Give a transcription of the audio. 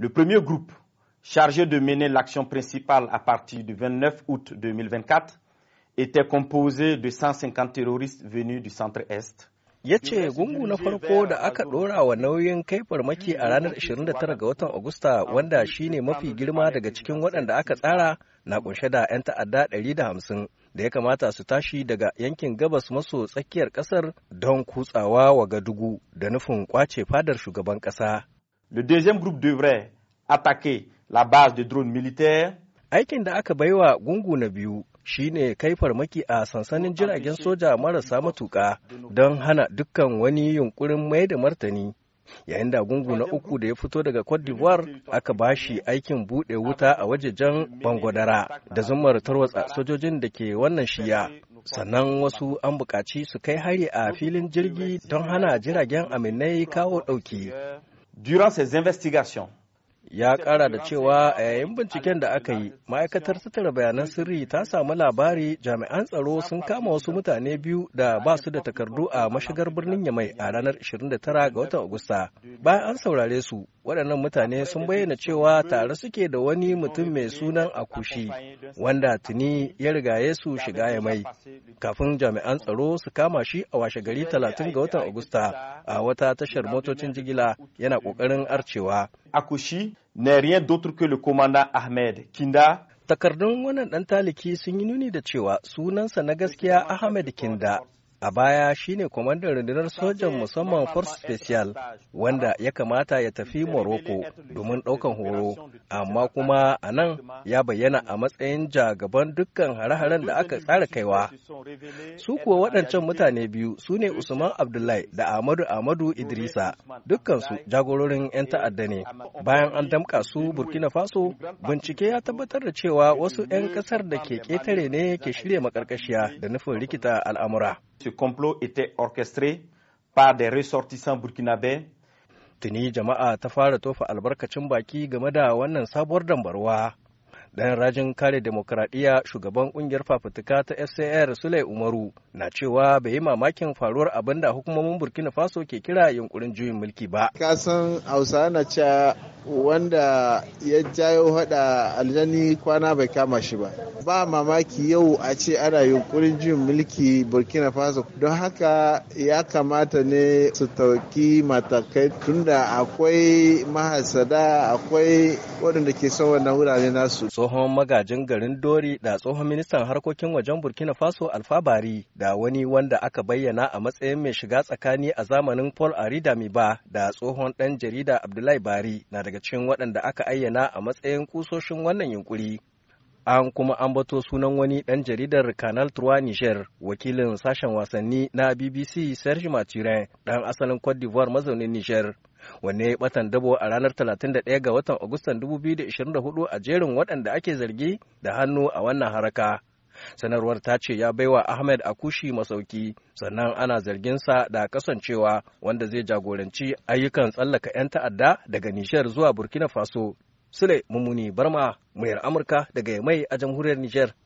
Le premier groupe, chargé de mener l'action principale à partir du 29 août 2024, était composé de 150 terroristes venus du centre-est. ya ce gungu na farko da aka dora wa nauyin kai farmaki a ranar 29 ga watan agusta wanda shine mafi girma daga cikin waɗanda aka tsara na kunshe da 'yan ta'adda 150 da ya kamata su tashi daga yankin gabas maso tsakiyar ƙasar don kutsawa wa gadugu da nufin kwace fadar shugaban ƙasa Le deuxième groupe devrait attaquer la base de drones militaires. Aikin da aka baiwa gungu na biyu shine kai farmaki a sansanin jiragen soja marasa matuka don hana dukkan wani yunkurin mai da martani. Yayin da gungu na uku da ya fito daga Cote d'Ivoire aka bashi aikin buɗe wuta a wajejen Bangodara da zumar tarwatsa sojojin da ke wannan shiya. sannan wasu an bukaci su kai hari a filin jirgi don hana jiragen aminai kawo ɗauki Durant ces investigations, ya kara da cewa a yayin binciken da aka yi ma'aikatar tattara bayanan sirri ta samu labari jami'an tsaro sun kama wasu mutane biyu da ba su da takardu a mashigar birnin yamai a ranar 29 ga watan agusta bayan an saurare su waɗannan mutane sun bayyana cewa tare suke da wani mutum mai sunan akushi wanda tuni ya riga su shiga yamai kafin jami'an tsaro su kama shi a washe gari 30 ga watan agusta a wata tashar motocin jigila yana ƙoƙarin arcewa Akushi na rien d'autre que le commandant Ahmed Kinda Takardun wannan ɗan taliki sun yi nuni da cewa sunansa na gaskiya Ahmed Kinda a baya shine kwamandan rundunar sojan musamman force special wanda ya kamata ya tafi morocco domin ɗaukan horo amma kuma a nan ya bayyana a matsayin jagaban dukkan hare-haren da aka tsara kaiwa su kuwa waɗancan mutane biyu su ne usman abdullahi da ahmadu ahmadu idrisa dukkansu jagororin 'yan ta'adda ne bayan an damƙa su burkina faso bincike ya tabbatar da cewa wasu 'yan ƙasar da ke ƙetare ne ke shirya makarkashiya da nufin rikita al'amura Ce complot était orchestré par des ressortissants burkinabés. Tuni jama'a ta fara tofa albarkacin baki game da wannan sabuwar dambarwa. dan rajin kare demokradiyya shugaban ƙungiyar fafutuka ta SCR Sule Umaru na cewa bai yi mamakin faruwar abin da hukumomin Burkina Faso ke kira yunkurin juyin mulki ba. Kasan Hausa na cewa wanda ya jayo hada aljani kwana bai kama shi ba ba mamaki yau a ce ana yunkurin jin mulki burkina faso don haka ya kamata ne su tauki matakai tunda akwai mahasada akwai waɗanda ke son wannan wurare nasu tsohon magajin garin dori da tsohon ministan harkokin wajen burkina faso alfabari da wani wanda aka bayyana a matsayin mai shiga tsakani a zamanin paul arida ba da tsohon ɗan jarida abdullahi bari na daga daga cikin waɗanda aka ayyana a matsayin kusoshin wannan yunkuri an kuma ambato sunan wani ɗan jaridar canal 3 niger wakilin sashen wasanni na bbc serge maturin ɗan asalin cote d'ivoire mazaunin niger wanne ya batan dabo a ranar 31 ga watan agustan 2024 a jerin waɗanda ake zargi da hannu a wannan haraka sanarwar ta ce ya baiwa ahmed akushi masauki sannan ana zarginsa da kasancewa wanda zai jagoranci ayyukan tsallaka 'yan ta'adda daga nishiyar zuwa burkina faso sule mummuni barma muyar amurka daga mai a jamhuriyar nijar